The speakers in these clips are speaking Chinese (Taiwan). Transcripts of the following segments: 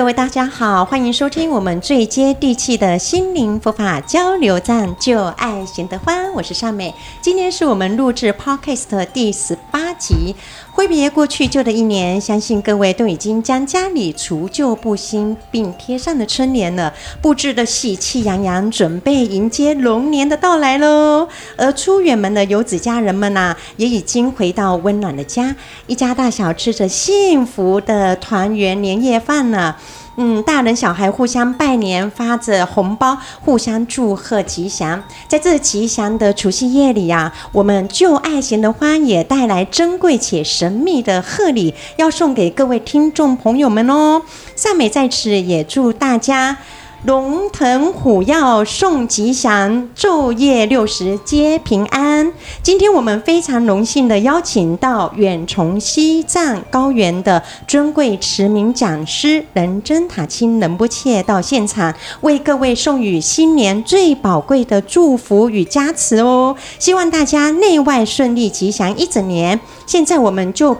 各位大家好，歡迎收聽我們最接地氣的心靈佛法交流站，就愛賢得歡，我是尚美，今天是我們錄製 Podcast 第十八集。揮別過去舊的一年，相信各位都已經將家裡除舊佈新，並貼上了春聯了，佈置的喜氣洋洋，準備迎接龍年的到來嘍。而出遠門的遊子家人們吶、啊，也已經回到溫暖的家，一家大小吃着幸福的團圓年夜飯呢、啊。嗯，大人小孩互相拜年，發着紅包，互相祝賀吉祥。在這吉祥的除夕夜裡啊，我們就愛賢得歡也帶來珍貴且神秘的賀禮，要送給各位聽眾朋友們哦。善美在此也祝大家。龍騰虎躍送吉祥，晝夜六時皆平安。今天我們非常榮幸地邀請到遠從西藏高原的尊貴持明講師仁增塔欽仁波切到現場，為各位送予新年最寶貴的祝福與加持哦。希望大家內外順利吉祥一整年。現在我們就。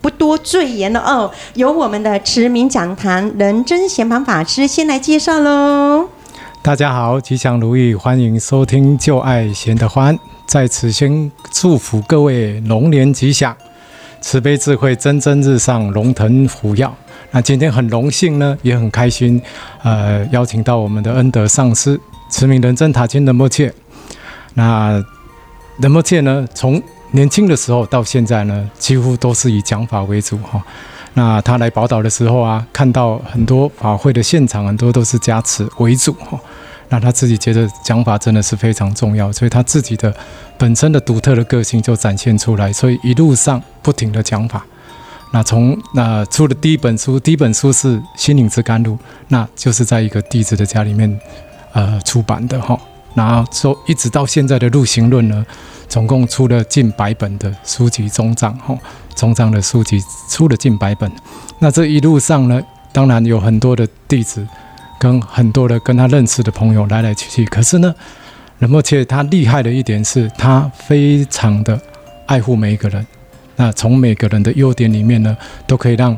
不多贅言了哦，由我們的持明講堂仁增賢槃法師先來介紹嘍。大家好，吉祥如意，歡迎收聽《就愛賢得歡》，在此先祝福各位龍年吉祥，慈悲智慧蒸蒸日上，龍騰虎躍。那今天很榮幸呢，也很開心，呃，邀請到我們的恩德上師持明仁增塔欽仁波切。那仁波切呢，從年輕的時候到現在呢，幾乎都是以講法為主哈、哦。那他來寶島的時候啊，看到很多法會的現場，很多都是加持為主哈、哦。那他自己覺得講法真的是非常重要，所以他自己的本身的獨特的個性就展現出來，所以一路上不停地講法。那從那、呃、出的第一本書，第一本書是《心靈之甘露》，那就是在一個弟子的家裡面呃出版的哈。哦然後說，一直到現在的入行論呢，總共出了近百本的書籍總藏，哈、哦，總藏的書籍出了近百本。那這一路上呢，當然有很多的弟子，跟很多的跟他認識的朋友來來去去。可是呢，仁波切他厲害的一點是他非常的愛護每一個人，那從每個人的優點裡面呢，都可以讓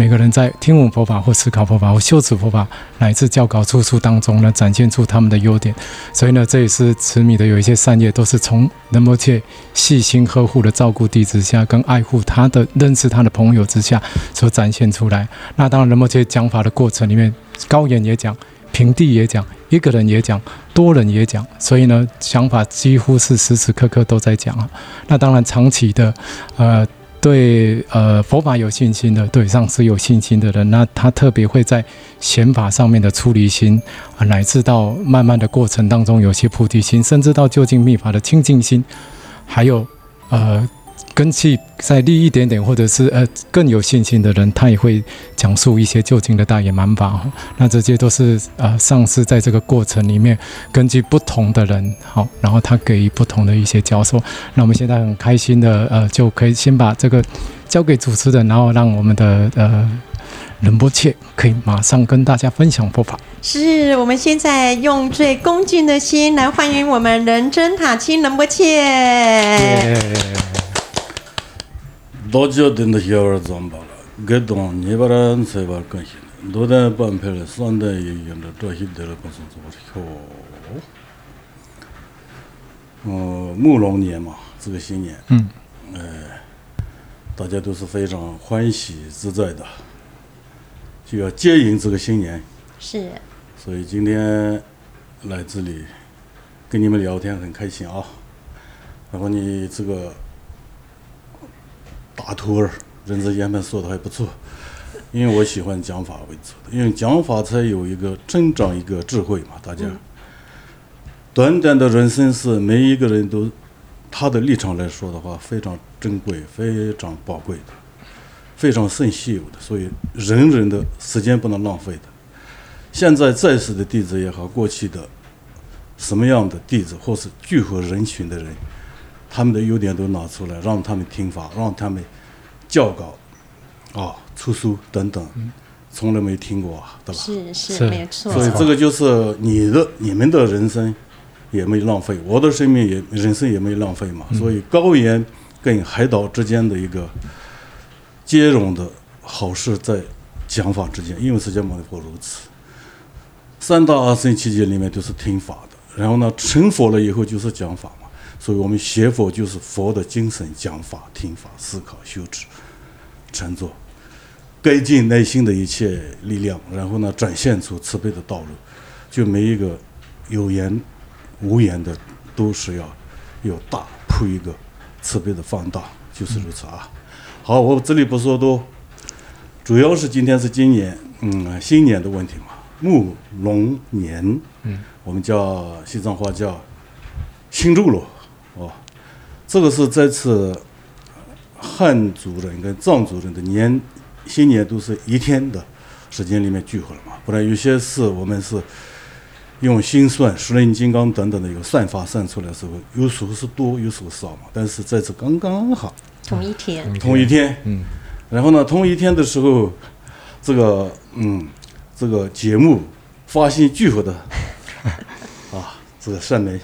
每個人在聽聞佛法、或思考佛法、或修持佛法，乃至教稿著述當中呢，展現出他們的優點。所以呢，這也是慈米的有一些善業，都是從仁波切細心呵護的照顧弟子下，跟愛護他的、認識他的朋友之下所展現出來。那當然，仁波切講法的過程裡面，高原也講，平地也講，一個人也講，多人也講。所以呢，講法幾乎是時時刻刻都在講啊。那當然，長期的，呃。對，呃，佛法有信心的，對上師有信心的人，那他特別會在顯法上面的出離心啊，乃至到慢慢的過程當中，有些菩提心，甚至到究竟密法的清淨心，還有，呃。根器再利一點點，或者是呃更有信心的人，他也會講述一些究竟的大圓滿法，哦。那這些都是呃上師在這個過程裡面，根據不同的人，好，然後他給予不同的一些教授。那我們現在很開心的呃，就可以先把這個交給主持人，然後讓我們的呃仁波切可以馬上跟大家分享佛法。是我們現在用最恭敬的心來歡迎我們仁增塔欽仁波切。Yeah. 多少天的氣候啊？咱們吧，廣東、尼巴蘭、塞巴爾關心。昨天辦完了，昨天也完了，昨天得了多少多少票？嗯，木龍年嘛，這個新年，嗯，哎、呃，大家都是非常歡喜自在的，就要接迎這個新年。是。所以今天來這裡跟你們聊天很開心啊。然後你這個。大徒兒，人家言文說的還不錯，因為我喜歡講法為主，因為講法才有一個增長一個智慧嘛。大家，短短的人生是每一個人都他的立場來說的話，非常珍貴、非常寶貴的、非常甚稀有的，所以人人的時間不能浪費的。現在在世的弟子也好，過去的什麼樣的弟子或是聚合人群的人，他們的優點都拿出來，讓他們聽法，讓他們。教稿，哦，出書等等，從來沒聽過啊，對吧？是是沒錯。所以這個就是你的、你們的人生，也沒浪費；我的生命也、人生也沒浪費嘛。嗯。所以高原跟海島之間的一個，接容的好事在講法之間，因為釋迦牟尼佛如此。三大阿僧祇劫裡面都是聽法的，然後呢，成佛了以後就是講法嘛。所以我們學佛就是佛的精神，講法、聽法、思考、修持、禪坐，改進內心的一切力量，然後呢，展現出慈悲的道路。就每一個有言無言的，都是要有大鋪一個慈悲的放大，就是如此啊。好，我這裡不說多，主要是今天是今年，嗯，新年的問題嘛，木龍年，嗯，我們叫西藏話叫新築羅。哦，這個是這次漢族人跟藏族人的年新年都是一天的時間裡面聚合了嘛？不然有些事我們是用心算、時輪金剛等等的一個算法算出來的時候，有時候是多，有時候少嘛。但是這次剛剛好，同一天、嗯，同一天，嗯。然後呢，同一天的時候，這個嗯，這個節目發心聚合的啊，這個善美。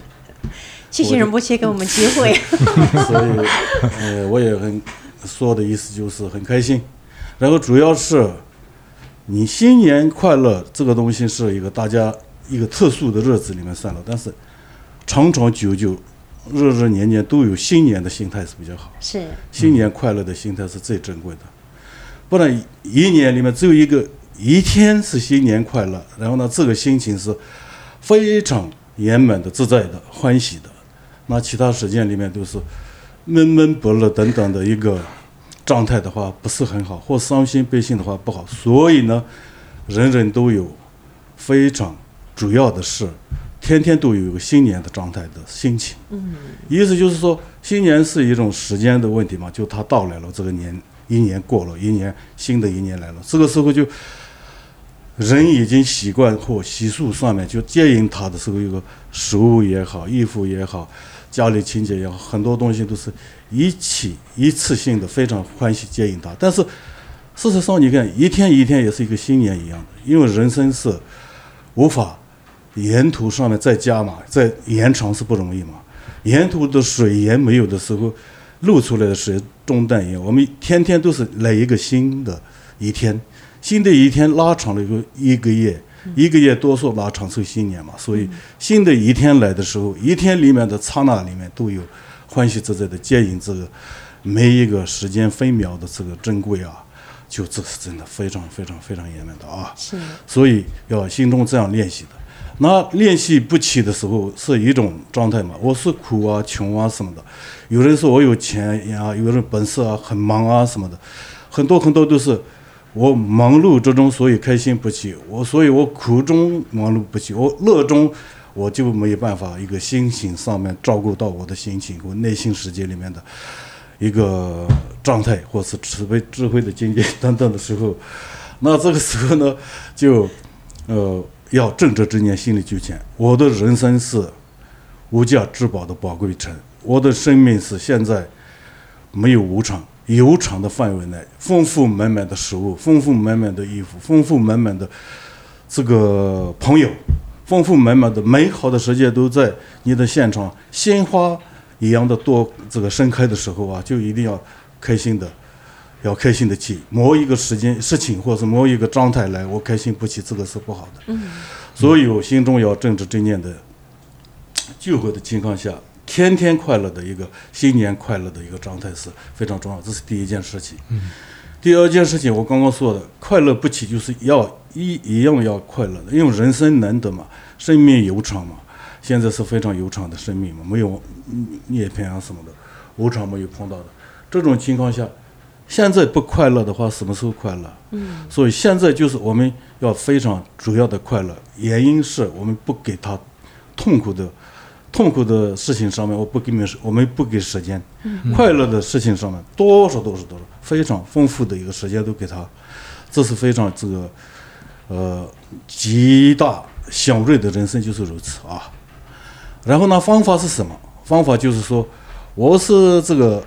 這些我人不缺給我們機會， 所以，呃、哎，我也很說的意思就是很開心。然後主要是你新年快樂這個東西是一個大家一個特殊的日子裡面算了，但是長長久久、日日年年都有新年的心態是比較好。是新年快樂的心態是最珍貴的，不然一年裡面只有一個一天是新年快樂，然後呢，這個心情是非常圓滿的、自在的、歡喜的。那其他時間裡面都是悶悶不樂等等的一個狀態的話，不是很好，或傷心悲心的話不好。所以呢，人人都有非常主要的是，天天都有一個新年的狀態的心情。意思就是說，新年是一種時間的問題嘛，就它到來了，這個年一年過了一年，新的一年來了，這個時候就人已經習慣或習俗上面就接應它的時候，一個食物也好，衣服也好。家裡親戚也好，很多東西都是一起一次性的，非常歡喜接應他。但是事實上，你看一天一天也是一個新年一樣的，因為人生是無法沿途上來再加碼，再延長是不容易嘛。沿途的水源沒有的時候，露出來的水中斷一樣。我們天天都是來一個新的一天，新的一天拉長了一個一個月。一個月多數拿長壽新年嘛，所以新的一天來的時候，一天裡面的剎那裡面都有歡喜自在的接引，這個每一個時間分秒的這個珍貴啊，就這是真的非常非常非常圓滿的啊。是。所以要心中這樣練習的。那練習不起的時候是一種狀態嘛，我是苦啊、窮啊什麼的。有人說我有錢呀、啊，有人本事啊，很忙啊什麼的，很多很多都是。我忙碌之中，所以開心不起；我所以，我苦中忙碌不起；我樂中，我就沒有辦法一個心情上面照顧到我的心情，我內心世界裡面的，一個狀態，或是慈悲智慧的境界等等的時候，那這個時候呢，就，呃，要正直之念，心力俱全。我的人生是無價之寶的寶貴城，我的生命是現在沒有無常。有場的範圍內，豐富滿滿的食物，豐富滿滿的衣服，豐富滿滿的這個朋友，豐富滿滿的美好的世界都在你的現場，鮮花一樣的多，這個盛開的時候啊，就一定要開心的，要開心的起，某一個時間、事情或者某一個狀態來，我開心不起，這個是不好的。嗯，所有心中要正知正念的聚火的情況下，天天快樂的一個新年快樂的一個狀態是非常重要，這是第一件事情。第二件事情，我剛剛說的快樂不起，就是要一一樣要快樂的，因為人生難得嘛，生命悠長嘛，現在是非常悠長的生命嘛，沒有涅槃啊什麼的，無常沒有碰到的。這種情況下，現在不快樂的話，什麼時候快樂？所以現在就是我們要非常主要的快樂，原因是我們不給他痛苦的。痛苦的事情上面，我不給你們，我們不給時間；嗯、快樂的事情上面，多少多少多少，非常豐富的一個時間都給他，這是非常這個呃極大祥瑞的人生就是如此啊。然後呢，方法是什麼？方法就是說，我是這個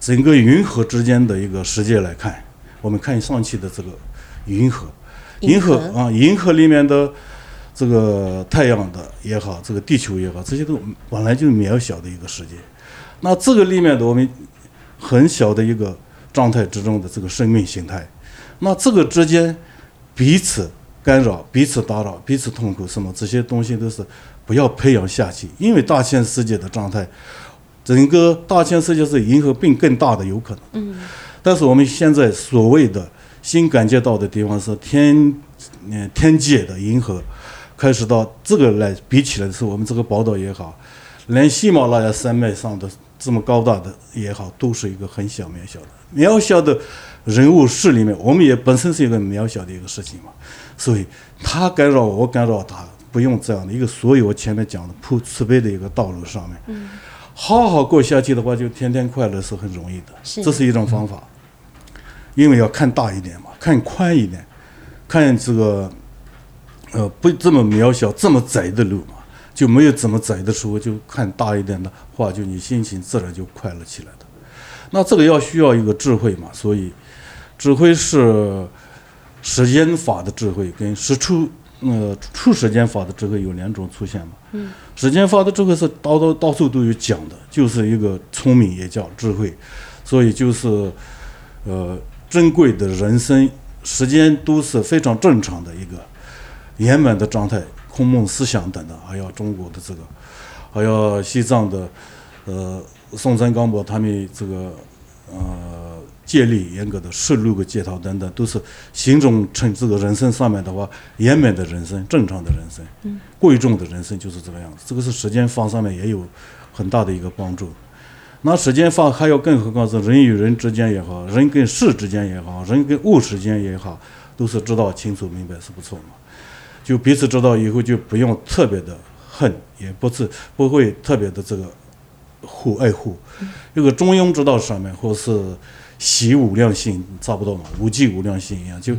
整個雲河之間的一個世界來看，我們看上去的這個雲河，雲河，銀河啊，銀河裡面的。這個太陽的也好，這個地球也好，這些都本來就渺小的一個世界。那這個裡面的我們很小的一個狀態之中的這個生命形態，那這個之間彼此干擾、彼此打擾、彼此痛苦，什麼這些東西都是不要培養下去。因為大千世界的狀態，整個大千世界是銀河並更大的有可能。嗯。但是我們現在所謂的新感覺到的地方是天，嗯，呃，天界的銀河。開始到這個來比起來的時候，我們這個寶島也好，連喜馬拉雅山脈上的這麼高大的也好，都是一個很小、渺小的、渺小的人物事裡面，我們也本身是一個渺小的一個事情嘛。所以他干擾我，我干擾他，不用這樣的一個。所有。我前面講的普慈悲的一個道路上面，好好過下去的話，就天天快樂是很容易的，這是一種方法。因為要看大一點嘛，看寬一點，看這個。呃，不這麼渺小，這麼窄的路嘛，就沒有這麼窄的時候，就看大一點的話，就你心情自然就快樂起來的。那這個要需要一個智慧嘛，所以，智慧是世間法的智慧，跟時出，呃，出世間法的智慧有兩種出現嘛。嗯。世間法的智慧是到到到處都有講的，就是一個聰明也叫智慧，所以就是，呃，珍貴的人生時間都是非常正常的一個。圓滿的狀態、空夢思想等等，還有中國的這個，還有西藏的，呃，松贊干布他們這個，呃，戒律嚴格的十六個戒條等等，都是形容成這個人生上面的話，圓滿的人生、正常的人生、嗯、貴重的人生就是這個樣子。這個是時間法上面也有很大的一個幫助。那時間法還有，更何況是人與人之間也好，人跟事之間也好，人跟物之間也好，都是知道清楚明白是不錯嘛。就彼此知道以後，就不用特別的恨，也不是不會特別的這個互愛護。這個中庸之道上面，或是習無量心，差不多嘛，無記無量心一樣，就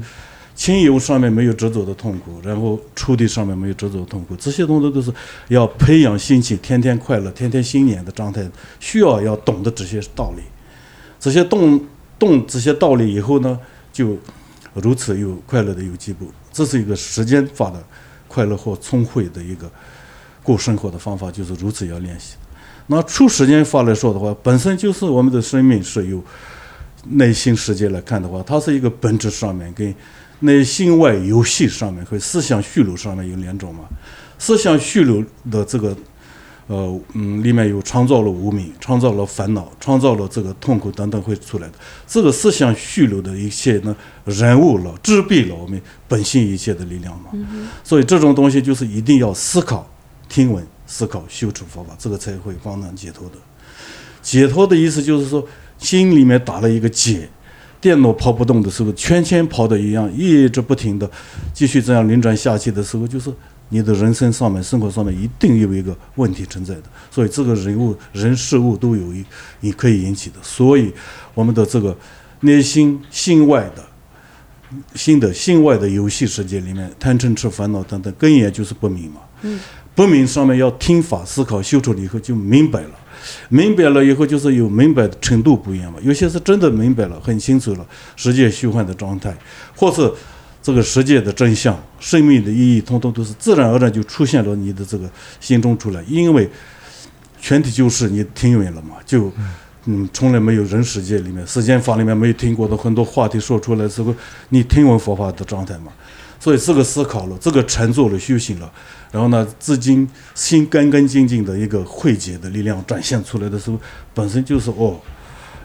親友上面沒有執着的痛苦，然後處地上面沒有執着的痛苦，這些東西都是要培養心起，天天快樂，天天新年的狀態，需要要懂得這些道理。這些懂懂這些道理以後呢，就如此有快樂的有進步。這是一個時間法的快樂或聰慧的一個過生活的方法，就是如此要練習。那出時間法來說的話，本身就是我們的生命是由內心世界來看的話，它是一個本質上面跟內心外遊戲上面和思想敘流上面有兩種嘛？思想敘流的這個。呃嗯，裡面有創造了無明，創造了煩惱，創造了這個痛苦等等，會出來的。這個思想蓄留的一切呢，人物了，遮蔽了我們本性一切的力量嘛。嗯、哼所以這種東西就是一定要思考、聽聞、思考修持佛法，這個才會方能解脫的。解脫的意思就是說，心裡面打了一個結，電腦跑不動的時候，圈圈跑的一樣，一直不停的繼續這樣運轉下去的時候，就是。你的人生上面、生活上面一定有一個問題存在的，所以這個人物、人事物都有一你可以引起的。所以我們的這個內心、心外的、心的、心外的遊戲世界裡面，貪嗔癡、煩惱等等，根源就是不明嘛。不明上面要聽法、思考、修出來以後就明白了，明白了以後就是有明白的程度不一樣嘛。有些是真的明白了，很清楚了，世界虛幻的狀態，或是。這個世界的真相、生命的意義，通通都是自然而然就出現了，你的這個心中出來，因為全體就是你聽聞了嘛，就嗯，嗯，從來沒有人世界裡面、世間法裡面沒有聽過的很多話題說出來之後，你聽聞佛法的狀態嘛，所以這個思考了、這個沉就了、修行了，然後呢，至今心乾乾淨淨的一個慧解的力量展現出來的時候，本身就是哦，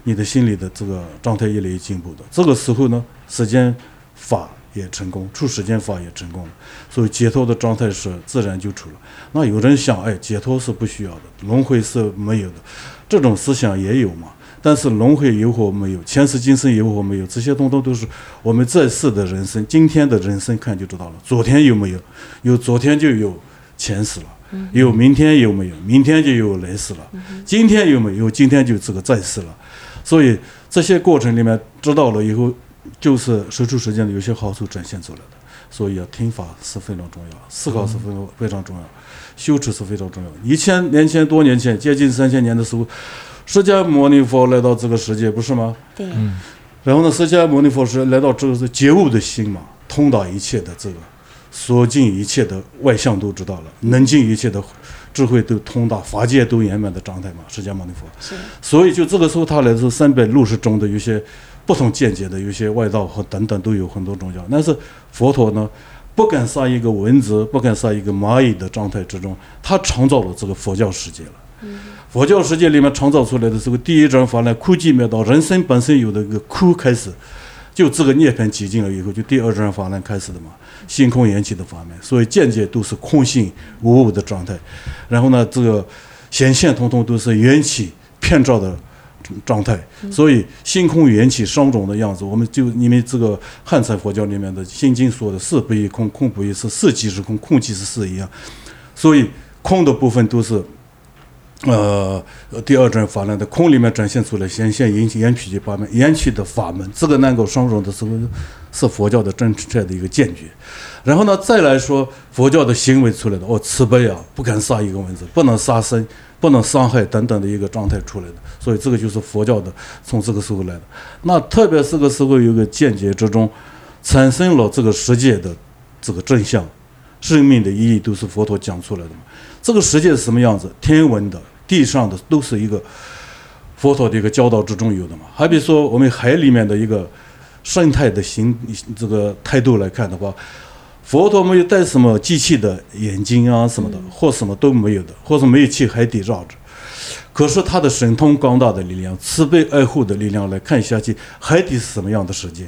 你的心裡的這個狀態越來越進步的，這個時候呢，世間法。也成功，出世間法也成功了，所以解脫的狀態是自然就出了。那有人想，哎，解脫是不需要的，輪迴是沒有的，這種思想也有嘛？但是輪迴有或沒有，前世今生有或沒有，這些東西都是我們在世的人生，今天的人生看就知道了。昨天有沒有？有昨天就有前世了；有明天有沒有？明天就有來世了；今天有沒有？今天就這個在世了。所以這些過程裡面知道了以後。就是說出時間的有些好處展現出來的，所以、啊、聽法是非常重要，思考是非常非常重要，修持、嗯、是非常重要。一千年前、多年前，接近三千年的時候，釋迦牟尼佛來到這個世界，不是嗎？對。嗯、然後呢，釋迦牟尼佛是來到這個覺悟的心嘛，通達一切的這個所盡一切的外相都知道了，能盡一切的智慧都通達，法界都圓滿的狀態嘛，釋迦牟尼佛。是所以就這個時候，他來自三百六十中的有些。不同見解的有些外道和等等都有很多宗教，但是佛陀呢，不敢殺一個蚊子，不敢殺一個螞蟻的狀態之中，他創造了這個佛教世界了。嗯、佛教世界裡面創造出來的這個第一轉法輪，苦集滅道，人生本身有的一個苦開始，就這個涅槃寂靜了以後，就第二轉法輪開始的嘛，性空緣起的法門。所以見解都是空性無我的狀態，然後呢，這個顯現統統都是緣起片照的。狀態，所以心空緣起雙種的樣子，我們就因為這個漢傳佛教裡面的《心經》說的“色不異空，空不異色，色即是空，空即是色”一樣，所以空的部分都是，呃，第二轉法輪的空裡面展現出來顯現引起緣起的八門，緣起的法門，這個能夠雙重的時候是佛教的正確的一個見解。然後呢，再來說佛教的行為出來的哦，慈悲啊，不敢殺一個蚊子，不能殺生，不能傷害等等的一個狀態出來的，所以這個就是佛教的，從這個時候來的。那特別是這個時候，有個見解之中，產生了這個世界的這個真相，生命的意義都是佛陀講出來的嘛。這個世界是什麼樣子？天文的、地上的都是一個佛陀的一個教導之中有的嘛。還比如說我們海裡面的一個生態的形這個態度來看的話。佛陀沒有帶什麼機器的眼睛啊，什麼的，嗯、或什麼都沒有的，或是沒有去海底繞着。可是他的神通廣大的力量，慈悲愛護的力量來看一下去海底是什麼樣的世界，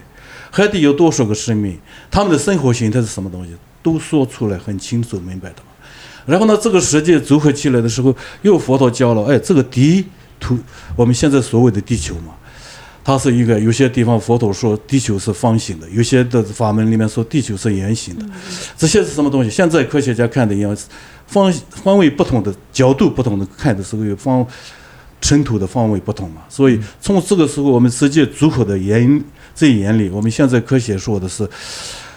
海底有多少個生命，他們的生活形態是什麼東西，都說出來很清楚明白的，然後呢，這個世界組合起來的時候，又佛陀教了，哎，這個地圖，我們現在所謂的地球嘛。它是一個，有些地方佛陀說地球是方形的，有些的法門裡面說地球是圓形的。這些是什麼東西？現在科學家看的一樣，方方位不同的角度不同的看的時候，有方塵土的方位不同嘛？所以從這個時候，我們直接足口的眼在眼裡，我們現在科學說的是，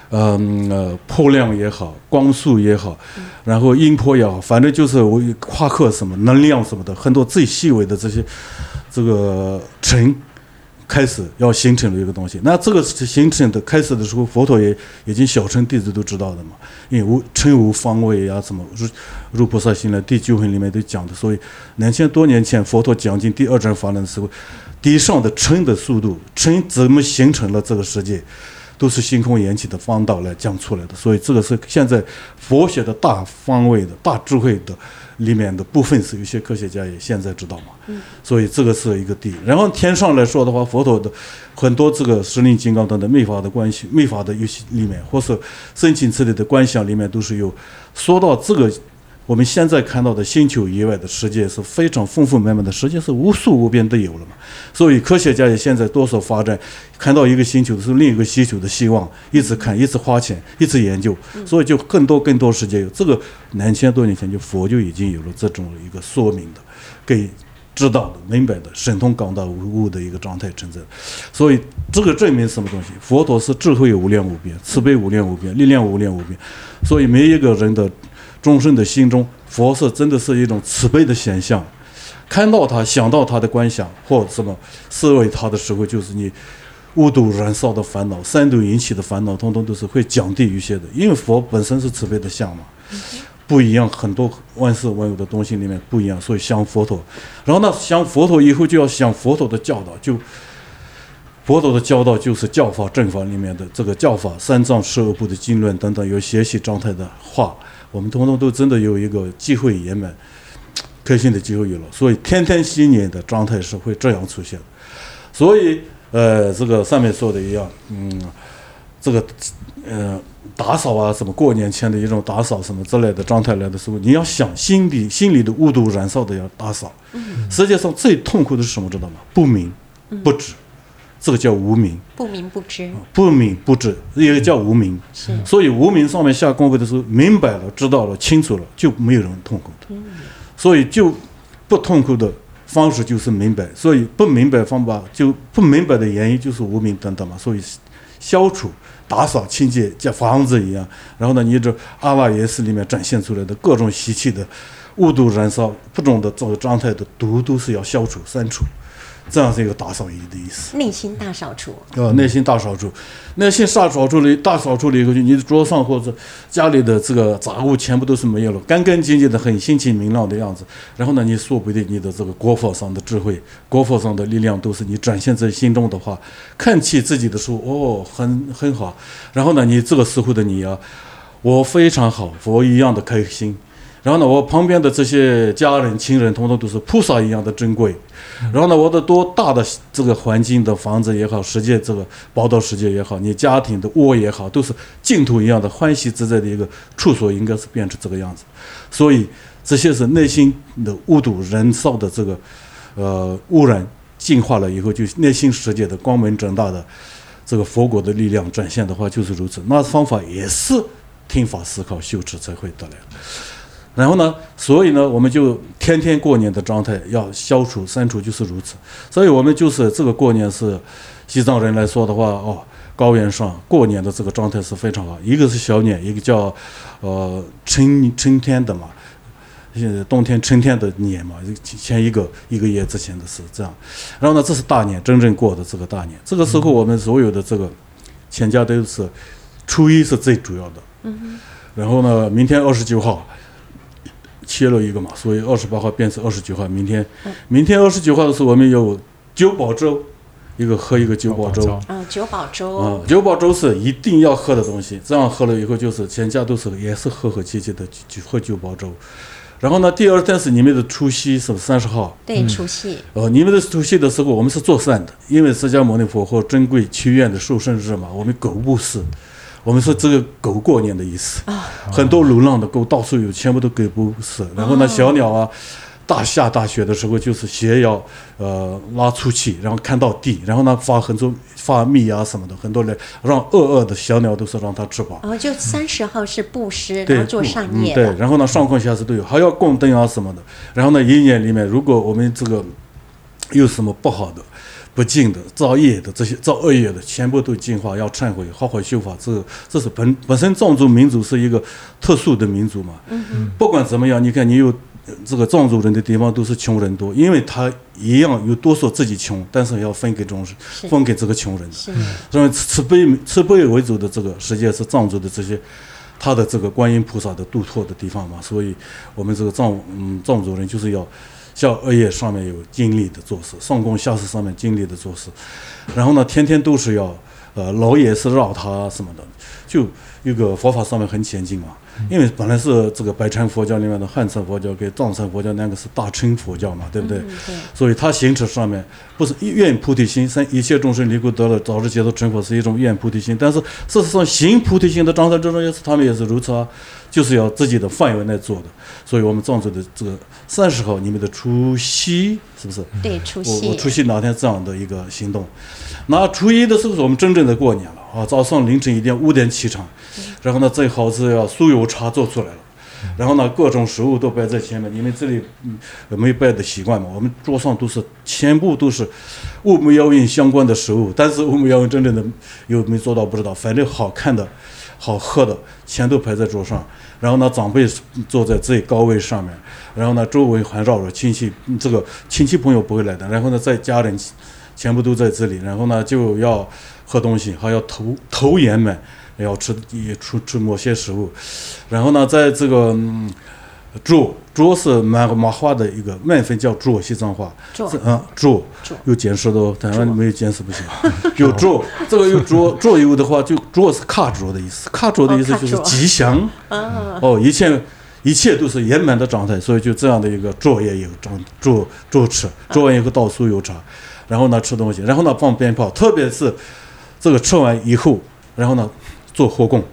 嗯，呃，波量也好，光速也好，然後音波也好，反正就是我夸克什麼能量什麼的，很多最細微的這些這個塵。開始要形成的一個東西，那這個是形成的開始的時候，佛陀也已經小乘弟子都知道的嘛，因為無塵無方位呀、啊、什麼如如菩薩行了，第九回裡面都講的，所以兩千多年前佛陀講經第二轉法輪的時候，地上的塵的速度，塵怎麼形成了這個世界，都是性空緣起的方道來講出來的，所以這個是現在佛學的大方位的大智慧的。裡面的部分是有些科學家也現在知道嘛，嗯，所以這個是一個地。然後天上來說的話，佛陀的很多這個時輪金剛等等密法的關係，密法的有些裡面，或是生起之類的觀想裡面都是有。說到這個。我們現在看到的星球以外的世界是非常豐富美滿的，世界是無數無邊的有了嘛，所以科學家也現在多少發展，看到一個星球是另一個星球的希望，一直看，一直花錢，一直研究，所以就更多更多世界有這個。兩千多年前就佛就已經有了這種一個說明的，給知道的明白的神通廣大無物的一個狀態存在，所以這個證明什麼東西？佛陀是智慧無量無邊，慈悲無量無邊，力量無量無邊，所以每一個人的。眾生的心中，佛是真的是一種慈悲的現象。看到他、想到他的觀想或者什麼思維他的時候，就是你五毒燃燒的煩惱、三毒引起的煩惱，通通都是會降低一些的。因為佛本身是慈悲的相嘛，不一樣。很多萬事萬物的東西裡面不一樣，所以想佛陀。然後呢，想佛陀以後就要想佛陀的教導，就佛陀的教導就是教法、正法裡面的這個教法、三藏十二部的經論等等有學習狀態的話，我們通通都真的有一個機會圓滿、開心的機會有了，所以天天新年的狀態是會這樣出現，所以，呃，這個上面說的一樣，嗯，這個，嗯，打掃啊，什麼過年前的一種打掃什麼之類的狀態來的時候，你要想心裡，心裡的霧毒燃燒的要打掃。世界上最痛苦的是什麼？知道嗎？不明，不止。這個叫無明，不明不知，不明不知也叫無明。啊、所以無明上面下功夫的時候，明白了、知道了、清楚了，就沒有人痛苦的。嗯、所以就不痛苦的方式就是明白，所以不明白方法就不明白的原因就是無明等等嘛。所以消除、打掃、清潔像房子一樣。然後呢，你這阿賴耶識裡面展現出來的各種習氣的、五毒燃燒、不中的這個狀態的毒，都是要消除、刪除。這樣是一個大掃除的意思，內心大掃除。對吧？啊，內心大掃除，內心大掃除了，大掃除了以後，你的桌上或者家裡的這個雜物全部都是沒有了，乾乾淨淨的，很心情明朗的樣子。然後呢，你說不定你的這個國法上的智慧、國法上的力量，都是你展現在心中的話，看起自己的時候，哦，很很好。然後呢，你這個時候的你啊，我非常好，佛一樣的開心。然後呢，我旁邊的這些家人、親人，通通都是菩薩一樣的珍貴。然後呢，我的多大的這個環境的房子也好，世界這個寶島世界也好，你家庭的窩也好，都是淨土一樣的歡喜自在的一個處所，應該是變成這個樣子。所以這些是內心的五毒、燃燒的這個呃污染，淨化了以後，就內心世界的光明正大的這個佛國的力量展現的話，就是如此。那方法也是聽法、思考、修持才會得來的。然後呢，所以呢，我們就天天過年的狀態要消除、刪除，就是如此。所以，我們就是這個過年是西藏人來說的話，哦，高原上過年的這個狀態是非常好。一個是小年，一個叫呃春春天的嘛，現在冬天春天的年嘛，前一個一個月之前的是這樣。然後呢，這是大年，真正過的這個大年。這個時候，我們所有的這個全家，嗯哼，都是初一是最主要的。嗯哼。然後呢，明天二十九號。切了一個嘛，所以二十八號變成二十九號。明天，嗯、明天二十九號的時候，我們有九寶粥，一個喝一個九寶粥。嗯，九寶粥。嗯，九寶粥，嗯，九寶粥是一定要喝的東西，這樣喝了以後就是全家都是也是和和氣氣的，就喝九寶粥。然後呢，第二天是你們的除夕是三十號。對，除夕、嗯。哦息、呃，你們的除夕的時候，我們是做善的，因爲釋迦牟尼佛或珍貴祈願的受生日嘛，我們狗不是。我們說這個“狗過年”的意思，哦、很多流浪的狗，哦、到處有，全部都給佈施，然後呢，哦、小鳥啊，大下大雪的時候就是鞋，要呃拉出去，然後看到地，然後呢發很多發米啊什麼的，很多人讓餓餓的小鳥都是讓它吃飽。啊、哦，就三十號是布施，嗯、然後做善業對、嗯嗯。對，然後呢，上供下施都有，還要供燈啊什麼的。然後呢，一年裡面如果我們這個有什麼不好的。不敬的造業的這些造惡業的，全部都淨化，要懺悔，好好修法。這個、這是本本身藏族民族是一個特殊的民族嘛。嗯哼不管怎麼樣，你看你有這個藏族人的地方都是窮人多，因為他一樣有多少自己窮，但是要分給中，是分給這個窮人的。是所以慈悲慈悲為主的這個，實際上是藏族的這些，他的這個觀音菩薩的度脫的地方嘛。所以我們這個藏嗯藏族人就是要。教二爺上面有盡力的做事，上供下施上面盡力的做事，然後呢，天天都是要，呃，老爺是繞他什麼的，就一個佛法上面很前進嘛，嗯、因為本來是這個北傳佛教裡面的漢傳佛教跟藏傳佛教那個是大乘佛教嘛，對不對？嗯、對，所以他行持上面不是願菩提心一切眾生離苦得樂，早日解脫成佛是一種願菩提心，但是事實上行菩提心的章策之中也是他們也是如此。啊。就是要自己的範圍內做的，所以我們藏族的這個三十號，你們的除夕是不是？對，除夕。我除夕那天這樣的一個行動？那初一的時候，我們真正的過年了啊！早上凌晨一點五點起床，嗯、然後呢，最好是要酥油茶做出來了，然後呢，各種食物都擺在前面。你們這裡、嗯、有沒有擺的習慣嘛？我們桌上都是全部都是烏木腰韻相關的食物，但是烏木腰韻真正的有沒做到不知道，反正好看的。好喝的，全都排在桌上。然後呢，長輩坐在最高位上面。然後呢，周圍環繞著親戚，嗯、這個親戚朋友不會來的。然後呢，在家人全部都在這裡。然後呢，就要喝東西，還要投投鹽們，要吃也出吃，吃某些食物。然後呢，在這個。嗯祝，祝是蠻蠻話的一個，蠻分叫祝，西藏話坐，嗯，祝，有見識的哦，但是沒有見識不行，有祝，這個有祝，祝以後 的話就祝是卡住的意思，卡住的意思就是吉祥，哦，哦，一切一切都是圓滿的狀態，嗯，所以就這樣的一個作業有祝祝吃，吃完以後倒酥油茶，然後呢吃東西，然後呢放鞭炮，特別是這個吃完以後，然後呢做火供。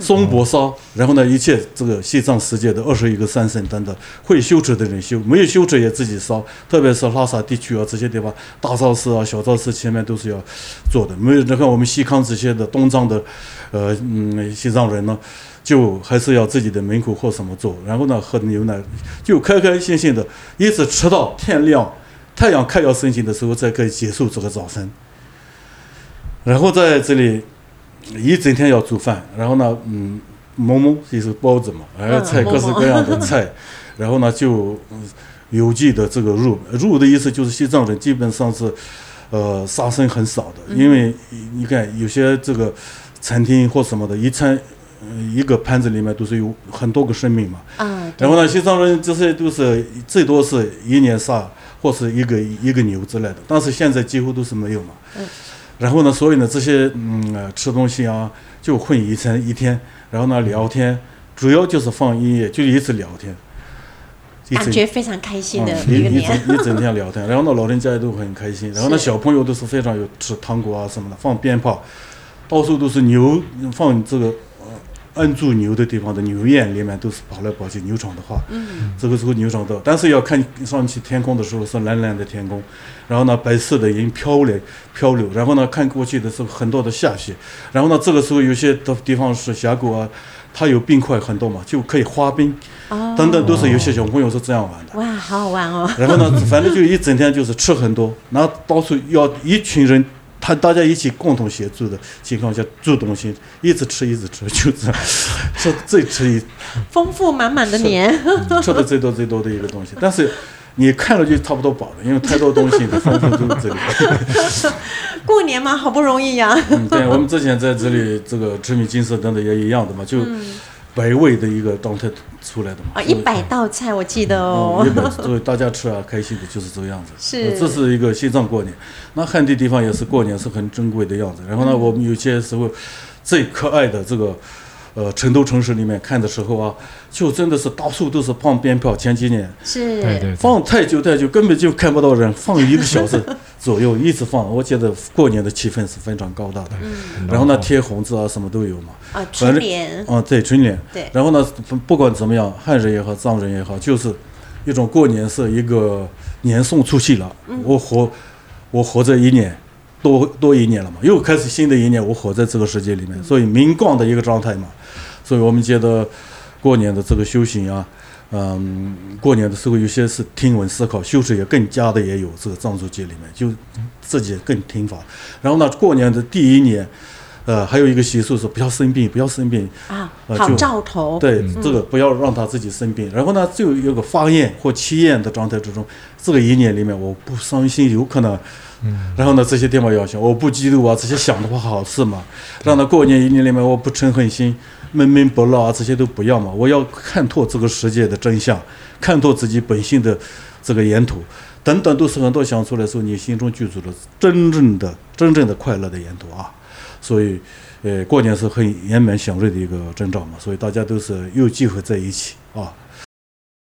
松柏燒，然後呢，一切這個西藏世界的二十一個山神等等會修持的人修，沒有修持也自己燒，特別是拉薩地區啊這些地方，大昭寺啊、小昭寺前面都是要做的。沒有你看我們西康這些的東藏的，呃嗯西藏人呢，就還是要自己的門口或什麼做，然後呢喝的牛奶，就開開心心的一直吃到天亮，太陽快要升起的時候才可以結束這個早晨。然後在這裡。一整天要做飯，然後呢，嗯，饃饃就是包子嘛，還有、嗯、菜，各式各樣的菜，嗯、饃饃然後呢就，郵、嗯、寄的這個肉，肉的意思就是西藏人基本上是，呃，殺生很少的，因為你看有些這個餐廳或什麼的一餐、呃，一個盤子裡面都是有很多個生命嘛，然後呢，西藏人這些都是最多是一年殺或是一個一個牛之類的，但是現在幾乎都是沒有嘛，嗯。然後呢，所以呢，這些嗯、呃，吃東西啊，就混一天一天。然後呢，聊天，主要就是放音樂，就一直聊天，一整天感覺非常開心的一個年。嗯、是一整一整天聊天，然後呢老人家也都很開心，然後呢是小朋友都是非常有吃糖果啊什麼的，放鞭炮，到處都是牛，放這個。摁住牛的地方的牛院裡面都是跑來跑去，牛場的話，嗯、這個時候牛場的，但是要看上去天空的時候是藍藍的天空，然後呢白色的雲飄來飄流，然後呢看過去的是很多的下雪，然後呢這個時候有些的地方是峽谷啊，它有冰塊很多嘛，就可以滑冰，哦、等等都是有些小朋友是這樣玩的，哇，好好玩哦。然後呢，反正就一整天就是吃很多， 然後到處要一群人。他大家一起共同協助的情況下做東西，一直吃一直吃，就是，是最吃一，豐富滿滿的年，嗯、吃的最多最多的一個東西。但是你看了就差不多飽了，因為太多東西 豐富都在這裡。過年嘛，好不容易呀，嗯。對，我們之前在這裡這個吃米金色等等也一樣的嘛，就。嗯百味的一個當菜出來的嘛，啊、哦，一百道菜我記得哦、嗯嗯嗯，所以大家吃啊 開心的，就是這個樣子。是、呃，這是一個西藏過年，那漢地地方也是過年是很珍貴的樣子。然後呢， 我們有些時候最可愛的這個。呃，成都城市裡面看的時候啊，就真的是到處都是放鞭炮。前幾年是，對對對，放太久太久，根本就看不到人，放一個小時左右， 一直放。我覺得過年的氣氛是非常高大的，嗯、然後呢，貼紅字啊，什麼都有嘛，啊，春聯，啊、呃，在、呃、春聯，對然後呢，不管怎麼樣，漢人也好，藏人也好，就是一種過年是，一個年送出去了，我活，嗯、我活這一年。多多一年了嘛，又開始新的一年，我活在這個世界裡面，所以明光的一個狀態嘛，所以我們覺得過年的這個修行啊，嗯，過年的時候有些是聽聞思考，修持也更加的也有這個藏族界裡面，就自己更聽法。然後呢，過年的第一年，呃，還有一個習俗是不要生病，不要生病、呃、啊，好兆頭。對，嗯、這個不要讓他自己生病。然後呢，就有一個發願或祈願的狀態之中，這個一年裡面我不傷心有可能。嗯，然後呢，這些電話要想，我不嫉妒啊，這些想的話好事嘛，讓他過年一年裡面，我不瞋恨心，悶悶不樂啊，這些都不要嘛，我要看透這個世界的真相，看透自己本性的這個源頭等等都是很多想出來時候，你心中具足的真正的真正的快樂的源頭啊，所以，呃，過年是很圓滿祥瑞的一個徵兆嘛，所以大家都是有機會在一起啊。